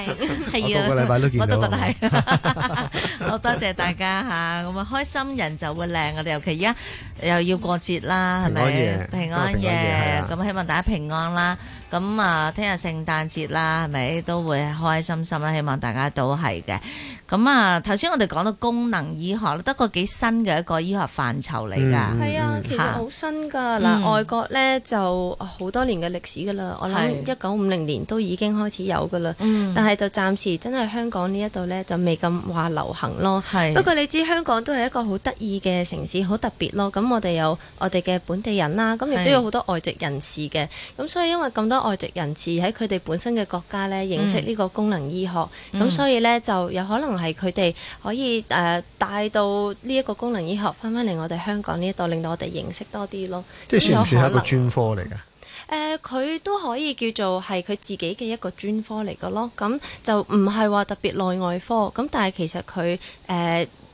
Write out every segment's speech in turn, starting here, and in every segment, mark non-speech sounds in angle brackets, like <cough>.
係啊， <laughs> 個禮拜都見到我都覺得係。嗎 <laughs> 好 <laughs> 多謝大家吓，咁啊開心人就會靚，我哋尤其而家又要過節啦，係咪平安夜？咁希望大家平安啦。咁啊，聽日聖誕節啦，係咪都會開開心心啦？希望大家都係嘅。咁啊，頭先我哋講到功能醫學，得個幾新嘅一個醫學範疇嚟㗎。係、嗯、啊，其實好新㗎。嗱、啊，嗯、外國咧就好多年嘅歷史㗎啦。我諗一九五零年都已經開始有㗎啦。是但係就暫時真係香港呢一度咧就未咁話流行咯。是不過你知香港都係一個好得意嘅城市，好特別咯。咁我哋有我哋嘅本地人啦，咁亦都有好多外籍人士嘅。咁是所以因為咁多。外籍人士喺佢哋本身嘅國家咧認識呢個功能醫學，咁、嗯、所以咧就有可能係佢哋可以誒、呃、帶到呢一個功能醫學翻返嚟我哋香港呢度，令到我哋認識多啲咯。即係算唔算係一個專科嚟㗎？誒，佢、呃、都可以叫做係佢自己嘅一個專科嚟㗎咯。咁就唔係話特別內外科，咁但係其實佢誒。呃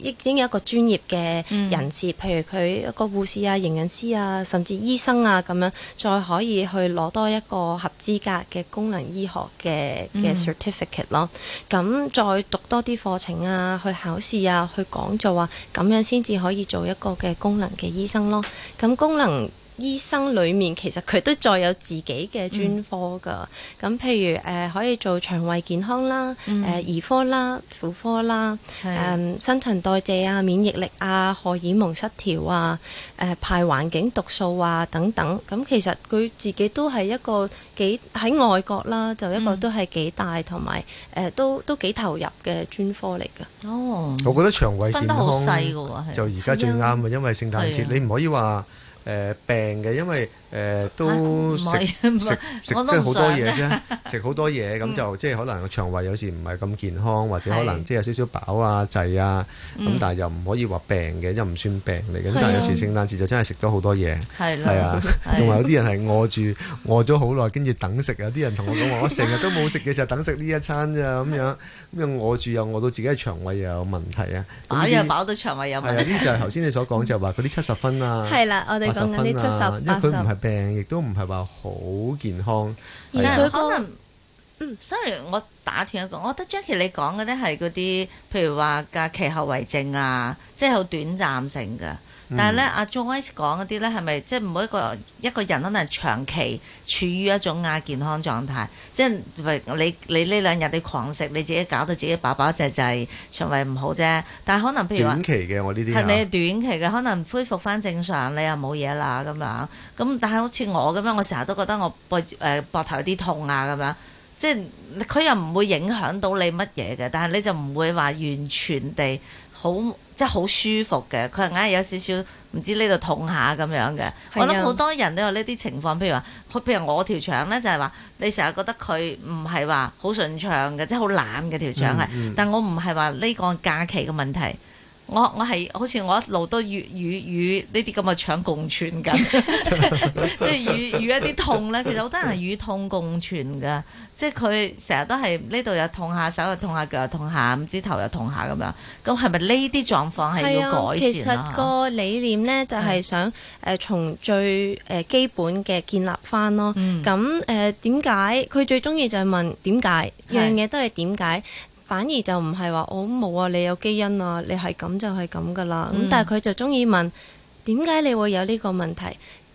已經有一個專業嘅人士，譬如佢一個護士啊、營養師啊，甚至醫生啊咁樣，再可以去攞多一個合資格嘅功能醫學嘅嘅 certificate 咯。咁、嗯、再讀多啲課程啊，去考試啊，去講座啊，咁樣先至可以做一個嘅功能嘅醫生咯。咁功能。醫生裡面其實佢都再有自己嘅專科噶，咁、嗯、譬如誒、呃、可以做腸胃健康啦、誒、呃、兒科啦、婦科啦、誒、呃、新陳代謝啊、免疫力啊、荷爾蒙失調啊、誒、呃、排環境毒素啊等等。咁、呃、其實佢自己都係一個幾喺外國啦，就一個都係幾大同埋誒都都幾投入嘅專科嚟噶。哦，我覺得腸胃分得好細嘅喎，就而家最啱啊，因為聖誕節、嗯、你唔可以話。誒、呃、病嘅，因為。誒都食食食都好多嘢啫，食好多嘢咁就即係可能個腸胃有時唔係咁健康，或者可能即係有少少飽啊滯啊，咁但係又唔可以話病嘅，又唔算病嚟嘅。但係有時聖誕節就真係食咗好多嘢，係啦，係啊，仲有啲人係餓住，餓咗好耐，跟住等食。有啲人同我講話，我成日都冇食嘅，就等食呢一餐咋咁樣，咁樣餓住又餓到自己嘅腸胃又有問題啊，飽又飽到腸胃有問題。係啊，呢就係頭先你所講就話嗰啲七十分啊，係啦，我哋講緊啲七十八十。病亦都唔係話好健康，而佢是、哎、呀可能、嗯、，sorry，我打斷一個，我覺得 Jackie、er、你講嘅咧係嗰啲，譬如話假期後遺症啊，即係好短暫性嘅。但係咧，阿 Joey 講嗰啲咧，係咪即係每一個一個人可能長期處於一種亞健康狀態？即係唔係你，你呢兩日你狂食，你自己搞到自己飽飽滯滯，腸胃唔好啫。但係可能譬如短期嘅，我呢啲係你是短期嘅，可能恢復返正常，你又冇嘢啦咁樣。咁但係好似我咁樣，我成日都覺得我背誒膊頭有啲痛啊咁樣。即係佢又唔會影響到你乜嘢嘅，但係你就唔會話完全地好，即係好舒服嘅。佢硬係有少少唔知呢度痛下咁樣嘅。啊、我諗好多人都有呢啲情況，譬如話，譬如我條腸咧就係話，你成日覺得佢唔係話好順暢嘅，即係好懶嘅條腸係。嗯嗯，但我唔係話呢個假期嘅問題。我我係好似我一路都與與與呢啲咁嘅搶共存緊， <laughs> 即係即係與與一啲痛咧。其實好多人係與痛共存嘅，即係佢成日都係呢度又痛下，手又痛下，腳又痛下，唔知頭又痛下咁樣。咁係咪呢啲狀況係要改善？啊，其實個理念咧就係想誒從最誒基本嘅建立翻咯。咁誒點解佢最中意就係問點解的樣嘢都係點解？反而就唔係話我冇啊，你有基因啊，你係咁就係咁噶啦。咁、嗯、但係佢就中意問點解你會有呢個問題？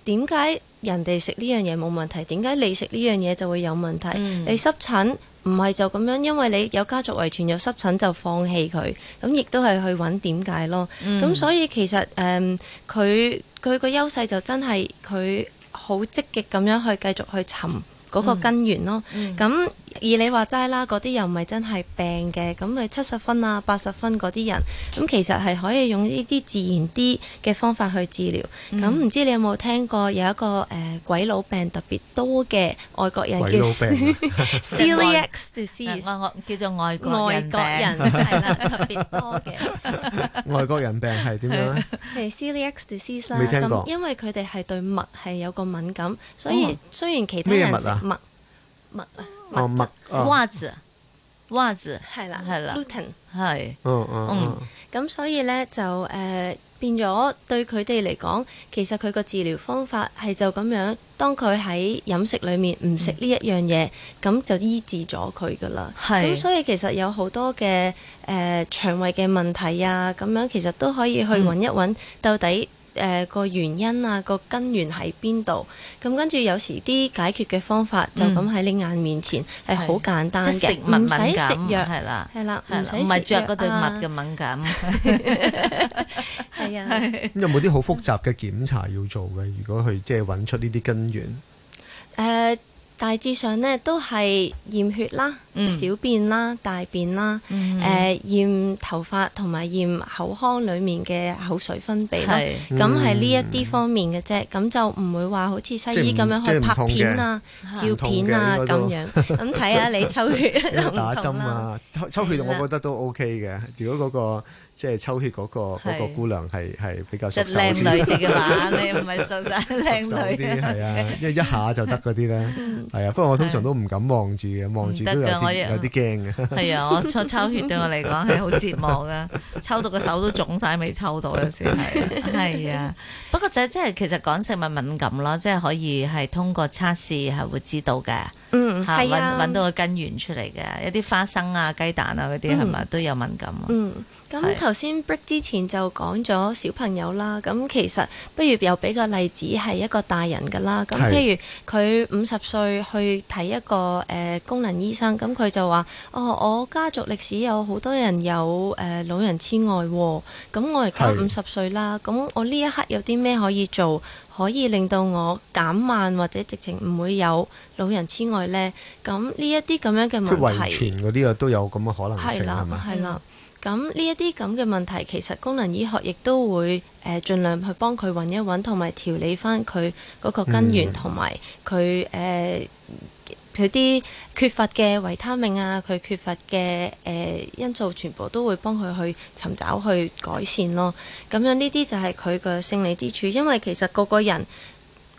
點解人哋食呢樣嘢冇問題？點解你食呢樣嘢就會有問題？嗯、你濕疹唔係就咁樣，因為你有家族遺傳有濕疹就放棄佢，咁亦都係去揾點解咯。咁、嗯、所以其實誒，佢佢個優勢就真係佢好積極咁樣去繼續去尋嗰個根源咯。咁、嗯嗯嗯而你話齋啦，嗰啲又唔係真係病嘅，咁佢七十分啊、八十分嗰啲人，咁其實係可以用呢啲自然啲嘅方法去治療。咁唔、嗯、知你有冇聽過有一個誒、呃、鬼佬病特別多嘅外國人叫、啊、 <laughs> Celiac Disease <laughs> 外、呃、叫做外國人病係啦，特別多嘅 <laughs> <laughs> 外國人病係點樣咧、okay？Celiac Disease 啦，未聽過，因為佢哋係對麥係有個敏感，所以雖然其他人食麥。襪啊，襪子，襪子，襪子係啦係啦，是係團是、嗯，嗯嗯嗯，咁、嗯嗯嗯嗯嗯、所以咧就誒、呃、變咗對佢哋嚟講，其實佢個治療方法係就咁樣，當佢喺飲食裡面唔食呢一樣嘢，咁就醫治咗佢噶啦。咁是、嗯、所以其實有好多嘅誒、呃、腸胃嘅問題啊，咁樣其實都可以去揾一揾、嗯、到底。誒個、呃、原因啊，個根源喺邊度？咁跟住有時啲解決嘅方法就咁喺你眼面前係好、嗯、簡單嘅，唔使食藥係啦，係啦，唔係著嗰對襪嘅敏感。係啊。啊啊嗯、有冇啲好複雜嘅檢查要做嘅？如果佢即係揾出呢啲根源？誒、呃。大致上咧都係驗血啦、嗯、小便啦、大便啦、誒、嗯嗯呃、驗頭髮同埋驗口腔裡面嘅口水分泌啦，咁係呢一啲方面嘅啫，咁、嗯、就唔會話好似西醫咁樣去拍片啊、照片啊咁樣，咁睇、這個、 <laughs> 下你抽血打針啊，抽抽血我覺得都 OK 嘅，如果嗰、嗰個。即係抽血嗰、嗰個、是個姑娘係係比較熟手靚女啲嘅嘛， <laughs> 你唔係信晒靚女啲係啊，一一下就得嗰啲咧，係啊。不過我通常都唔敢望住嘅，望住都有有啲驚嘅。係啊，我抽抽血對我嚟講係好折磨嘅，抽到個手都腫晒未抽到有時係。係啊,啊, <laughs> 啊，不過就即係其實講食物敏感咯，即係可以係通過測試係會知道嘅。嗯，吓揾、啊、到個根源出嚟嘅，一啲花生啊、雞蛋啊嗰啲係咪都有敏感、啊？嗯，咁頭先 break 之前就講咗小朋友啦，咁其實不如又俾個例子係一個大人噶啦，咁譬如佢五十歲去睇一個誒、呃、功能醫生，咁佢就話：哦，我家族歷史有好多人有誒、呃、老人痴呆、啊，咁我而家五十歲啦，咁是我呢一刻有啲咩可以做？可以令到我減慢或者直情唔會有老人痴呆呢。咁呢一啲咁樣嘅問題，遺傳嗰啲啊，都有咁嘅可能性係啦，係啦。咁呢一啲咁嘅問題，其實功能醫學亦都會誒、呃、盡量去幫佢揾一揾，同埋調理翻佢嗰個根源同埋佢誒。嗯佢啲缺乏嘅維他命啊，佢缺乏嘅誒、呃、因素，全部都會幫佢去尋找去改善咯。咁樣呢啲就係佢個勝利之處，因為其實個個人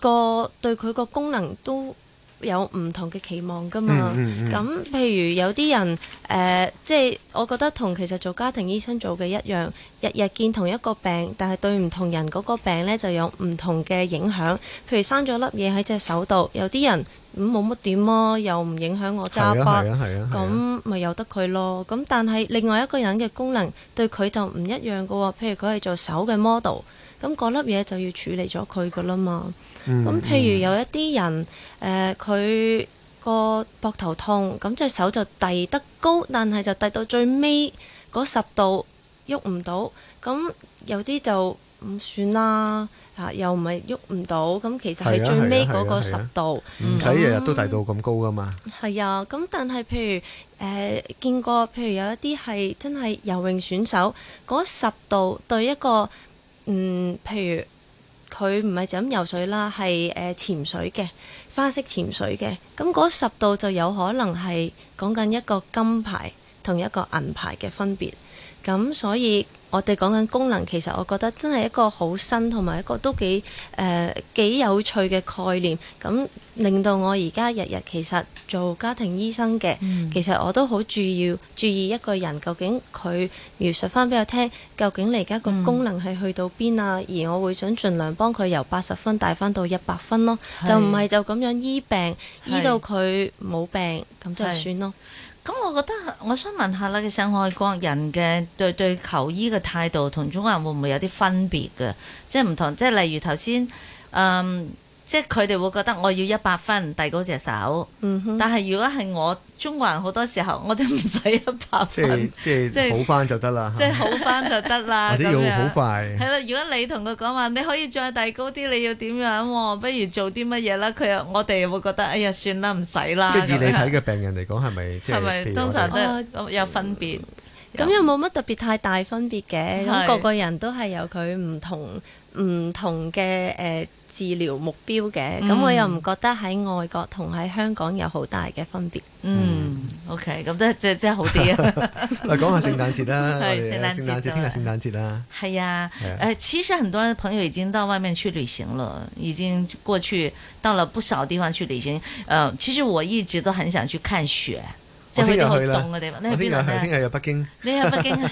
個對佢個功能都有唔同嘅期望㗎嘛。咁、嗯嗯嗯、譬如有啲人誒、呃，即係我覺得同其實做家庭醫生做嘅一樣。日日見同一個病，但係對唔同人嗰個病呢就有唔同嘅影響。譬如生咗粒嘢喺隻手度，有啲人冇乜點啊，又唔影響我揸波咁，咪由、啊啊啊啊、得佢咯。咁但係另外一個人嘅功能對佢就唔一樣嘅喎。譬如佢係做手嘅 model，咁嗰粒嘢就要處理咗佢噶啦嘛。咁、嗯、譬如有一啲人佢、呃、個膊頭痛，咁隻手就遞得高，但係就遞到最尾嗰十度。喐唔到，咁有啲就唔、嗯、算啦。嚇，又唔係喐唔到，咁其實係最尾嗰個十度，唔使日日都睇到咁高噶嘛。係啊，咁但係譬如誒、呃、見過，譬如有一啲係真係游泳選手嗰十度，對一個嗯，譬如佢唔係就咁游水啦，係誒潛水嘅花式潛水嘅，咁嗰十度就有可能係講緊一個金牌同一個銀牌嘅分別。咁所以我哋講緊功能，其實我覺得真係一個好新同埋一個都幾誒、呃、幾有趣嘅概念。咁令到我而家日日其實做家庭醫生嘅，嗯、其實我都好注意注意一個人究竟佢描述翻俾我聽，究竟你而家個功能係去到邊啊？嗯、而我會想盡量幫佢由八十分帶翻到一百分咯。是就唔係就咁樣醫病是醫到佢冇病咁就算咯。咁、嗯、我覺得，我想問下啦，其實外國人嘅對對求醫嘅態度，同中國人會唔會有啲分別嘅？即係唔同，即係例如頭先，嗯。即係佢哋會覺得我要一百分遞高隻手，但係如果係我中國人好多時候，我哋唔使一百分，即係即係好返就得啦，即係好返就得啦，或者要好快。係啦，如果你同佢講話，你可以再遞高啲，你要點樣、哦？不如做啲乜嘢啦？佢又，我哋又會覺得哎呀，算啦，唔使啦。即係你睇嘅病人嚟講係咪？即係咪通常都有分別？咁又冇乜特別太大分別嘅，咁個個人都係有佢唔同唔同嘅誒。呃治療目標嘅，咁、嗯、我又唔覺得喺外國同喺香港有好大嘅分別。嗯，嗯，OK，咁都即係即係好啲啊！嚟 <laughs> <laughs> 講下聖誕節啦、啊， <laughs> 聖誕節、就是，聽日聖誕節啦。係啊，誒、啊啊呃，其實很多人朋友已經到外面去旅行了，已經過去到了不少地方去旅行。嗯，其實我一直都很想去看雪。就去到凍嘅地方，你聽日去？聽日去北京？你去北京啊！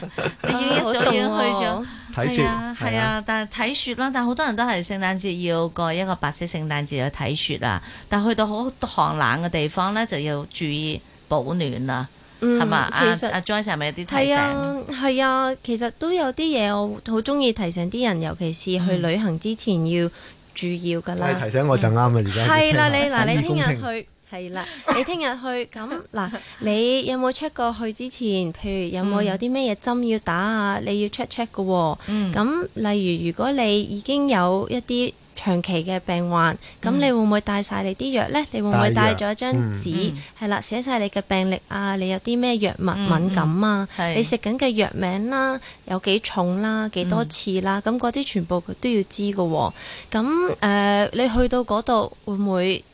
已經一早已經去咗睇雪，係啊！但係睇雪啦，但係好多人都係聖誕節要過一個白色聖誕節去睇雪啊！但係去到好寒冷嘅地方咧，就要注意保暖啦，係嘛？阿阿 Joyce 係咪有啲提醒？係啊，係啊，其實都有啲嘢我好中意提醒啲人，尤其是去旅行之前要注意㗎啦。你提醒我就啱啦，而家係啦，你嗱，你聽日去。係啦， <laughs> 你聽日去咁，嗱，你有冇 check 過去之前？譬如有冇有啲咩嘢針要打啊？嗯、你要 check check 嘅喎。嗯。咁，例如如果你已經有一啲長期嘅病患，咁、嗯、你會唔會帶晒你啲藥咧？你會唔會帶咗張紙？嗯，係啦，嗯、寫晒你嘅病歷啊，你有啲咩藥物敏感啊？嗯嗯、你食緊嘅藥名啦，有幾重啦，幾多次啦？咁嗰啲全部都要知嘅喎、哦。咁誒、呃，你去到嗰度會唔會？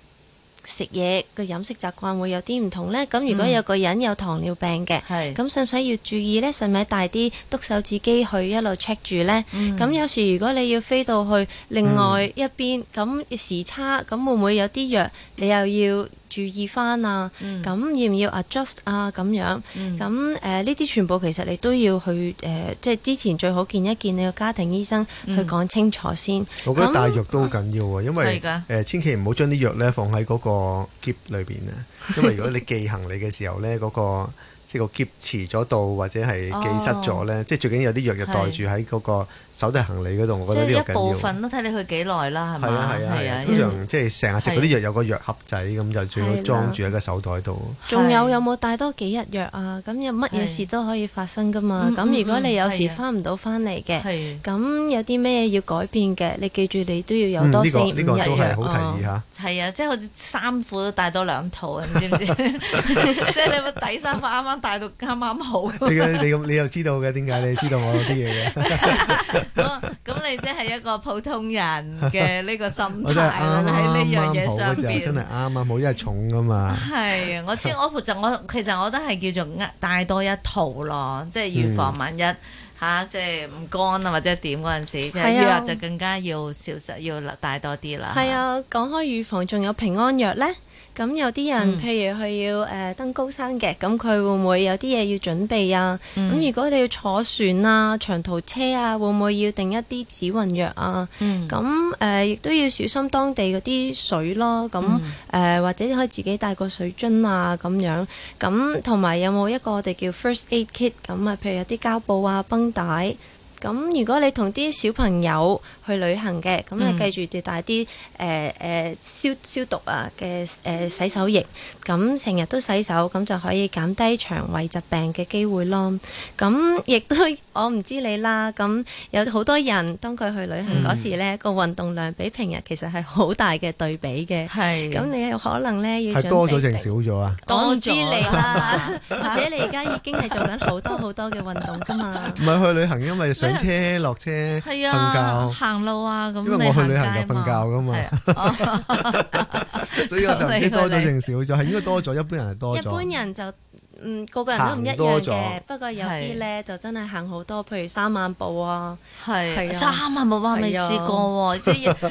食嘢嘅飲食習慣會有啲唔同呢。咁如果有個人有糖尿病嘅，咁使唔使要注意呢？使唔使帶啲督手指機去一路 check 住呢？咁、嗯、有時如果你要飛到去另外一邊，咁、嗯、時差咁會唔會有啲藥你又要？注意翻啊，咁要唔要 adjust 啊？咁樣，咁誒呢啲全部其實你都要去誒，即、呃、係之前最好見一見你個家庭醫生，嗯、去講清楚先。我覺得帶藥都好緊要喎，嗯、因為誒、呃、千祈唔好將啲藥呢放喺嗰個喼裏邊啊，因為如果你寄行李嘅時候呢，嗰、 <laughs> 嗰個即係個劫持咗到，或者係寄失咗咧。即係最緊要有啲藥藥袋住喺嗰個手提行李嗰度。我覺得呢個一部分都睇你去幾耐啦，係咪？係啊係啊，通常即係成日食嗰啲藥有個藥盒仔咁，就最好裝住喺個手袋度。仲有有冇帶多幾日藥啊？咁有乜嘢事都可以發生㗎嘛？咁如果你有時翻唔到翻嚟嘅，咁有啲咩要改變嘅，你記住你都要有多四五日呢個呢都係好提議嚇。係啊，即係好似衫褲都帶多兩套啊？你知唔知？即係你個底衫啱啱。帶到啱啱好哈哈你。你咁你又知道嘅，點解你知道我啲嘢嘅？咁你即係一個普通人嘅呢個心態啦，喺呢樣嘢上邊、嗯。真係啱啊，因為重噶嘛。係啊，我知我負責，我，我其實我都係叫做帶多一套咯， <laughs> 即係預防萬一嚇，即係唔乾啊或者點嗰陣時，跟住 <laughs> <music> 就更加要小心，要帶多啲啦。係啊，講開預防，仲有平安藥咧。 <music> 咁有啲人，嗯、譬如佢要誒、呃、登高山嘅，咁佢會唔會有啲嘢要準備啊？咁、嗯、如果你要坐船啊、長途車啊，會唔會要定一啲止暈藥啊？咁誒、嗯呃、亦都要小心當地嗰啲水咯。咁誒、嗯呃、或者你可以自己帶個水樽啊咁樣。咁同埋有冇一個我哋叫 first aid kit 咁啊？譬如有啲膠布啊、繃帶。咁如果你同啲小朋友去旅行嘅，咁你記住要帶啲誒誒消消毒啊嘅誒洗手液，咁成日都洗手，咁就可以減低腸胃疾病嘅機會咯。咁亦都。我唔知你啦，咁有好多人當佢去旅行嗰時咧，個運動量比平日其實係好大嘅對比嘅。係咁，你有可能咧要。多咗定少咗啊？我唔知你啦，或者你而家已經係做緊好多好多嘅運動噶嘛？唔係去旅行，因為上車落車瞓覺，行路啊咁。因為我去旅行就瞓覺噶嘛，所以我就唔知多咗定少咗。係應該多咗，一般人係多咗。一般人就。嗯，個個人都唔一樣嘅，不過有啲咧就真係行好多，譬如三萬步啊，係三萬步啊，未試過喎，即係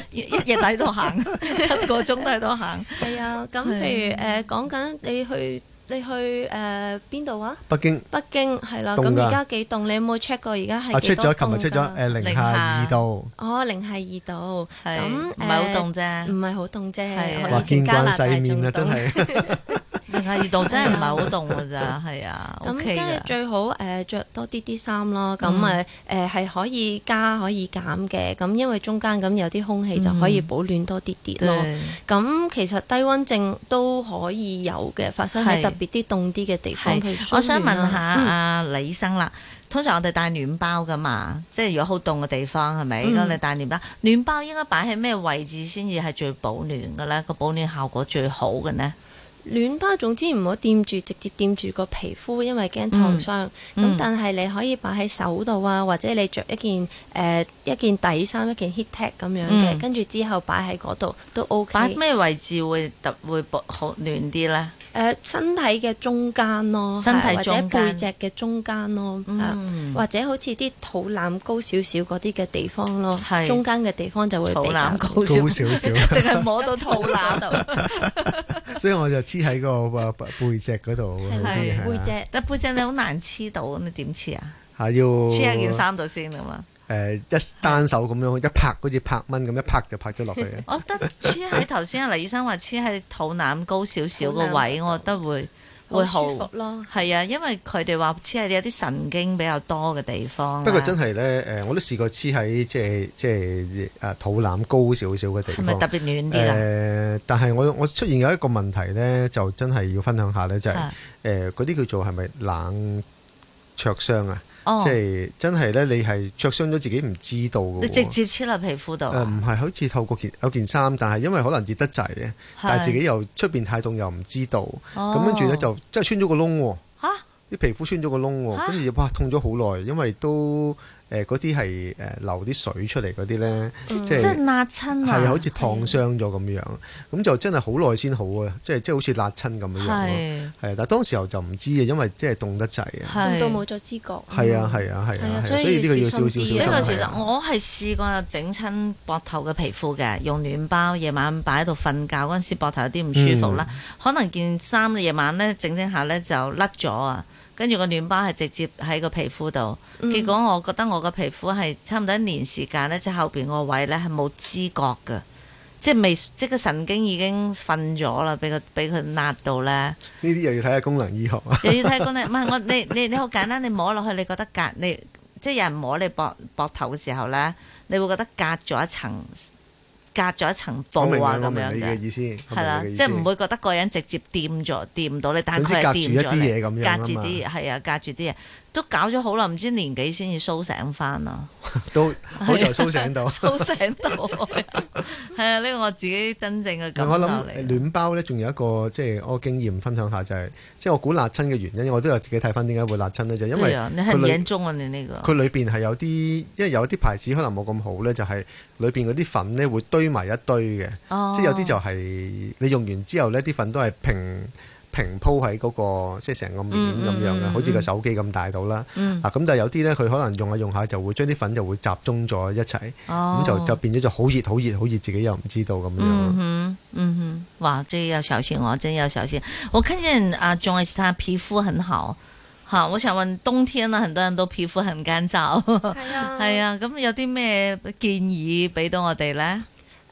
日日喺度行七個鐘都喺度行。係啊，咁譬如誒講緊你去你去誒邊度啊？北京。北京係啦，咁而家幾凍？你有冇 check 過而家係幾多度？啊，出咗，琴日出咗誒零下二度。哦，零下二度，咁唔係好凍啫，唔係好凍啫，以前加拿大仲凍。係熱度，真係唔係好凍㗎咋？係啊。咁即係最好誒，著多啲啲衫咯。咁誒誒係可以加可以減嘅。咁因為中間咁有啲空氣就可以保暖多啲啲咯。咁其實低溫症都可以有嘅，發生喺特別啲凍啲嘅地方。我想問下阿黎醫生啦，通常我哋帶暖包㗎嘛，即係如果好凍嘅地方係咪應該你帶暖包？暖包應該擺喺咩位置先至係最保暖嘅咧？個保暖效果最好嘅呢？暖包，總之唔好掂住，直接掂住個皮膚，因為驚燙傷。咁、嗯、但係你可以擺喺手度啊，嗯、或者你著一件誒、呃、一件底衫、一件 Heattech 咁樣嘅，跟住之後擺喺嗰度都 OK。擺咩位置會特會好暖啲咧？誒身體嘅中間咯，身體，或者背脊嘅中間咯，或者好似啲肚腩高少少嗰啲嘅地方咯，中間嘅地方就會肚腩高少少，淨係摸到肚腩度。所以我就黐喺個背脊嗰度，背脊，但背脊你好難黐到，你點黐啊？係要黐喺件衫度先啊嘛～誒、呃，一單手咁樣，一拍好似拍蚊咁，一拍就拍咗落去。 <laughs> 我覺得黐喺頭先，阿黎醫生話黐喺肚腩高少少個位，位我覺得會會舒服咯。係啊，因為佢哋話黐喺有啲神經比較多嘅地、啊呃、地方。是不過真係咧，誒，我都試過黐喺即係即係誒肚腩高少少嘅地方。係咪特別暖啲？誒，但係我我出現有一個問題咧，就真係要分享下咧，就係誒嗰啲叫做係咪冷灼傷啊？即係、oh. 真係咧，你係灼傷咗自己唔知道嘅。你直接穿落皮膚度？誒、呃，唔係，好似透過件有件衫，但係因為可能熱得滯嘅，是但係自己又出邊太凍又唔知道，咁跟住咧就真係穿咗個窿。吓，啲皮膚穿咗個窿，跟住 Huh? 就哇痛咗好耐，因為都。誒嗰啲係誒流啲水出嚟嗰啲咧，即係即係焫親啊！係好似燙傷咗咁樣，咁就真係好耐先好啊！即係即係好似焫親咁樣咯。係但當時候就唔知嘅，因為即係凍得滯啊！凍到冇咗知覺。係啊係啊係啊！所以呢都要，要小心啲啊！我係試過整親膊頭嘅皮膚嘅，用暖包夜晚擺喺度瞓覺嗰陣時，膊頭有啲唔舒服啦。嗯、可能件衫夜晚咧整整下咧就甩咗啊！跟住個暖包係直接喺個皮膚度，結果我覺得我個皮膚係差唔多一年時間咧、就是，即係後邊個位咧係冇知覺嘅，即係未，即係個神經已經瞓咗啦，俾佢俾佢焫到咧。呢啲又要睇下功能醫學啊，又要睇功能。唔係 <laughs> 我你你你好簡單，你摸落去你覺得隔，你即係有人摸你膊膊頭嘅時候咧，你會覺得隔咗一層。隔咗一層布啊，咁樣嘅，意思？係啦，即係唔會覺得個人直接掂咗掂唔到你，但係佢係隔住一啲嘢，咁樣隔住啲係啊，隔住啲嘢，都搞咗好耐，唔知年紀先至蘇醒翻啊，都好在蘇醒到，蘇醒到，係啊，呢個我自己真正嘅感受嚟。暖包咧，仲有一個即係我經驗分享下就係，即係我估辣親嘅原因，我都有自己睇翻點解會辣親咧，就因為你很嚴重啊，你呢個佢裏邊係有啲，因為有啲牌子可能冇咁好咧，就係。裏邊嗰啲粉咧會堆埋一堆嘅，哦、即係有啲就係、是、你用完之後咧，啲粉都係平平鋪喺嗰、那個即係成個面咁樣嘅，嗯嗯、好似個手機咁大到啦。嗯、啊，咁但係有啲咧佢可能用下用下就會將啲粉就會集中咗一齊，咁就、哦、就變咗就好熱好熱好熱，自己又唔知道咁樣。嗯哼，嗯哼，哇，真、這、係、個、要小心喎、哦，真係要小心。我看見阿、啊、Joyce 佢皮膚很好。吓！我想問冬天啦，很多人都皮膚很乾燥，係啊，係 <laughs> 啊，咁有啲咩建議俾到我哋咧？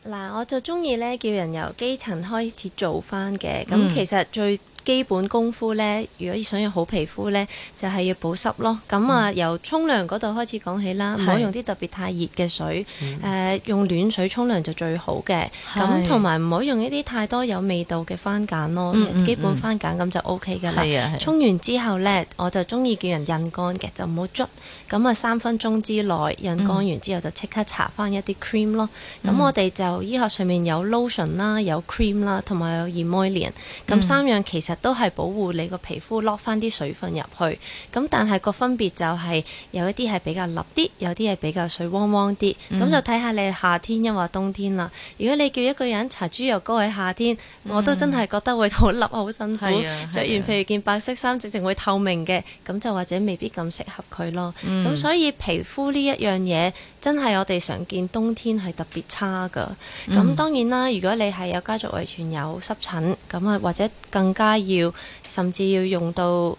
嗱，我就中意咧叫人由基層開始做翻嘅，咁、嗯、其實最。基本功夫呢，如果想要好皮膚呢，就係、是、要保濕咯。咁啊，嗯、由沖涼嗰度開始講起啦，唔好是用啲特別太熱嘅水，誒、嗯呃、用暖水沖涼就最好嘅。咁同埋唔好用一啲太多有味道嘅番梘咯，嗯嗯嗯，基本番梘咁就 OK 嘅啦。沖、啊啊、完之後呢，我就中意叫人印乾嘅，就唔好捽。咁啊，三分鐘之內印乾完之後就即刻搽翻一啲 cream 咯。咁、嗯、我哋就醫學上面有 lotion 啦，有 cream 啦，同埋有，有 emollient 咁、嗯、三樣其實。都係保護你個皮膚落翻啲水分入去，咁但係個分別就係、是、有一啲係比較笠啲，有啲係比較水汪汪啲，咁、嗯、就睇下你係夏天抑或冬天啦。如果你叫一個人搽豬油膏喺夏天，嗯、我都真係覺得會好笠、好辛苦，着完、啊啊、譬如件白色衫直情會透明嘅，咁就或者未必咁適合佢咯。咁、嗯、所以皮膚呢一樣嘢。真係我哋常見冬天係特別差噶，咁、嗯、當然啦。如果你係有家族遺傳有濕疹，咁啊或者更加要甚至要用到誒類、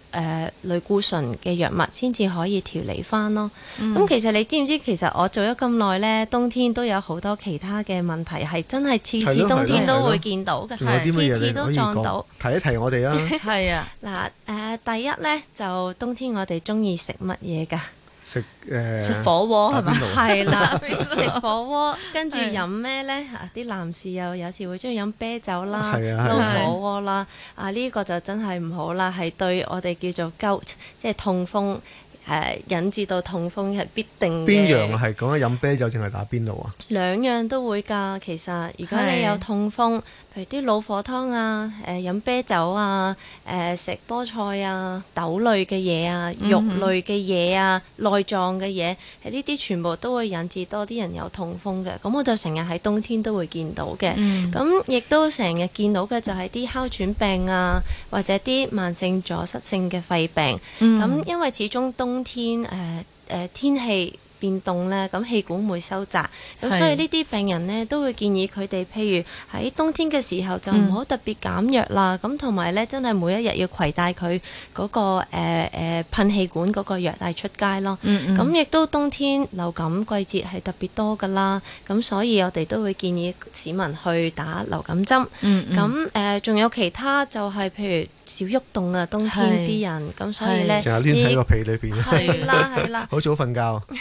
呃、固醇嘅藥物先至可以調理翻咯。咁、嗯、其實你知唔知其實我做咗咁耐呢，冬天都有好多其他嘅問題係真係次次冬天都會見到嘅，係，次、嗯、次都撞到。提一提我哋啊，係 <laughs> 啊，嗱、呃、誒，第一呢，就冬天我哋中意食乜嘢㗎？食，誒食火鍋係咪？係鍋吧 <laughs> 啦，食 <laughs> 火鍋跟住飲咩咧？嚇、啊、啲男士又有時會中意飲啤酒啦，撈、啊、火鍋啦。啊，呢、啊啊呢個就真係唔好啦，係對我哋叫做 gout，即係痛風。誒引致到痛風係必定嘅。邊樣係講緊飲啤酒淨係打邊爐啊？兩樣都會㗎。其實如果你有痛風，譬如啲老火湯啊、誒飲啤酒啊、誒食菠菜啊、豆類嘅嘢啊、肉類嘅嘢啊、內臟嘅嘢，係呢啲全部都會引致多啲人有痛風嘅。咁我就成日喺冬天都會見到嘅。咁亦都成日見到嘅就係啲哮喘病啊，或者啲慢性阻塞性嘅肺病。咁因為始終冬天誒誒天氣變動咧，咁氣管會收窄，咁是所以呢啲病人咧都會建議佢哋，譬如喺冬天嘅時候就唔好特別減藥啦，咁同埋咧真係每一日要攜帶佢嗰個誒誒噴氣管嗰個藥帶出街咯。咁亦、嗯嗯、都冬天流感季節係特別多噶啦，咁所以我哋都會建議市民去打流感針。咁誒仲有其他就係、是、譬如。少喐動啊，冬天啲人咁，所以咧，成日攣喺個被裏邊，係啦係啦，好早瞓覺。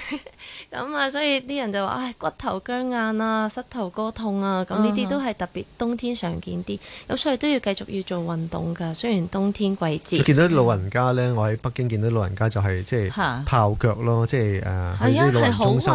咁啊，所以啲人就話：「唉，骨頭僵硬啊，膝頭哥痛啊」，咁呢啲都係特別冬天常見啲。咁所以都要繼續要做運動㗎。雖然冬天季節，見到老人家咧，我喺北京見到老人家就係即係泡腳咯，即係誒喺啲老人中心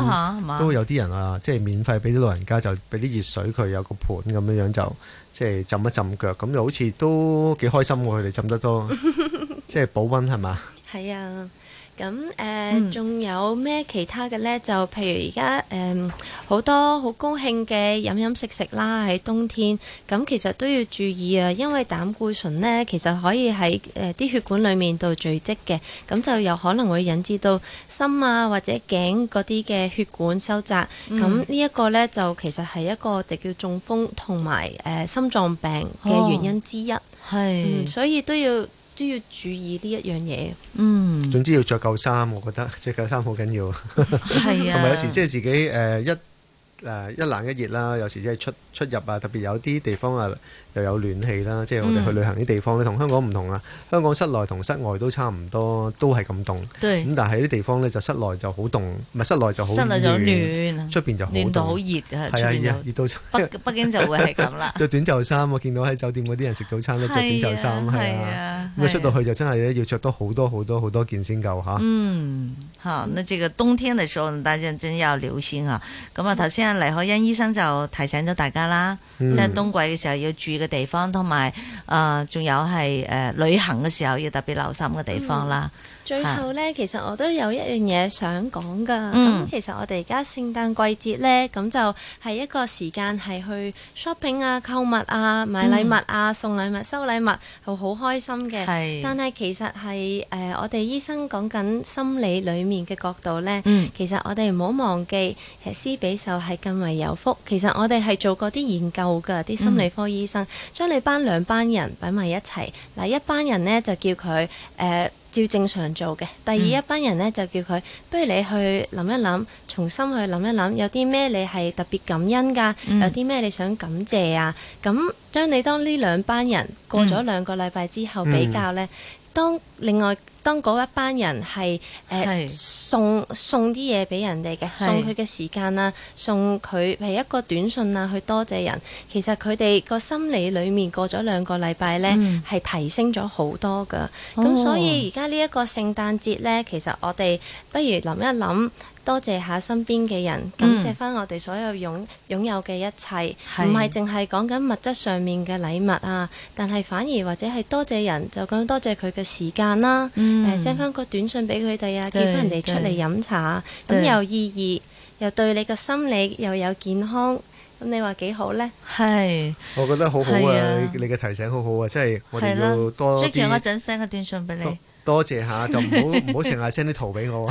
都有啲人啊，即係免費俾啲老人家就俾啲熱水佢，有個盤咁樣樣就即係浸一浸腳，咁又好似都幾開心㗎。你浸得多， <laughs> 即係保溫，係嘛？係 <laughs> 吧啊。咁誒，仲、嗯、有咩其他嘅呢？就譬如而家誒，好、嗯、多好高興嘅飲飲食食啦，喺冬天咁，其實都要注意啊，因為膽固醇呢，其實可以喺誒啲血管裏面度聚積嘅，咁就有可能會引致到心啊或者頸嗰啲嘅血管收窄，咁呢一個呢，就其實係一個我哋叫中風同埋誒心臟病嘅原因之一，係、哦，嗯、所以都要。都要注意呢一樣嘢。嗯，總之要着夠衫，我覺得着夠衫好緊要。係 <laughs> 啊，同埋有時即係自己誒、呃、一誒、呃、一冷一熱啦，有時即係出出入啊，特別有啲地方啊。又有暖氣啦，即係我哋去旅行啲地方咧，同香港唔同啊。香港室內同室外都差唔多，都係咁凍。咁但係啲地方咧就室內就好凍，唔係室內就好暖。室內有暖，出邊就暖好熱㗎。係啊，熱到北北京就會係咁啦。着短袖衫，我見到喺酒店嗰啲人食早餐都着短袖衫係啦。咁啊出到去就真係要着多好多好多好多件先夠嚇。嗯，嚇，呢個冬天嘅時候，大家先有了先嚇。咁啊，頭先阿黎可恩醫生就提醒咗大家啦，即係冬季嘅時候要注意。嘅地方，同埋誒仲有係誒、呃呃、旅行嘅時候要特別留心嘅地方啦。嗯、是最後咧，其實我都有一樣嘢想講噶。咁、嗯、其實我哋而家聖誕季節咧，咁就係一個時間，係去 shopping 啊、購物啊、買禮物啊、嗯、送禮物、收禮物，係好開心嘅。是但係其實係誒、呃、我哋醫生講緊心理裏面嘅角度咧，嗯、其實我哋唔好忘記誒施比受係更為有福。其實我哋係做過啲研究噶，啲心理科醫生。嗯將你班兩班人擺埋一齊，嗱一班人呢，就叫佢誒、呃、照正常做嘅；第二、嗯、一班人呢，就叫佢，不如你去諗一諗，重新去諗一諗，有啲咩你係特別感恩㗎，嗯、有啲咩你想感謝啊？咁將你當呢兩班人過咗兩個禮拜之後比較呢。嗯嗯當另外當嗰一班人係誒、呃、是送送啲嘢俾人哋嘅，送佢嘅是時間啦，送佢譬如一個短信啊，去多謝，謝人，其實佢哋個心理裏面過咗兩個禮拜咧，係、嗯、提升咗好多噶。咁、哦、所以而家呢一個聖誕節咧，其實我哋不如諗一諗。多謝下身邊嘅人，感謝翻我哋所有擁、嗯、擁有嘅一切，唔係淨係講緊物質上面嘅禮物啊，但係反而或者係多謝人，就講多謝佢嘅時間啦、啊。誒 send 翻個短信俾佢哋啊，對叫翻人哋出嚟飲茶，咁有對意義，又對你個心理又有健康，咁你話幾好呢？係、啊，我覺得好好啊！啊你嘅提醒好好啊，即係我哋要多一。最遲嗰陣 send 個短信俾你。對多謝下，就唔好唔好成日 send 啲圖俾我。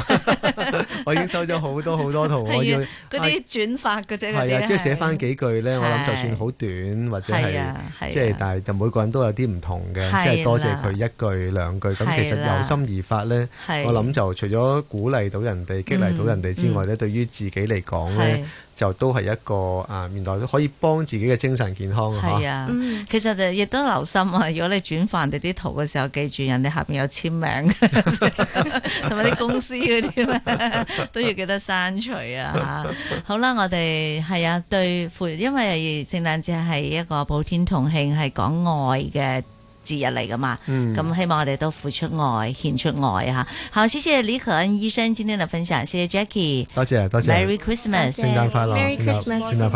我已經收咗好多好多圖。我要佢哋轉發嘅啫。係啊，即係寫翻幾句咧，我諗就算好短或者係，即係但係就每個人都有啲唔同嘅，即係多謝佢一句兩句。咁其實由心而發咧，我諗就除咗鼓勵到人哋、激勵到人哋之外咧，對於自己嚟講咧。就都係一個啊，原來都可以幫自己嘅精神健康啊！啊、嗯，其實就亦都留心啊，如果你轉發人哋啲圖嘅時候，記住人哋下面有簽名，同埋啲公司嗰啲咧都要記得刪除啊！嚇，好啦、啊，我哋係啊，對，因為聖誕節係一個普天同慶，係講愛嘅。節日嚟噶嘛，咁、嗯、希望我哋都付出愛，獻出愛吓、啊。好，謝謝黎可恩醫生今天的分享，謝謝 Jackie，多謝多謝，Merry Christmas，聖誕快樂，Merry Christmas，新年快樂，新年快樂。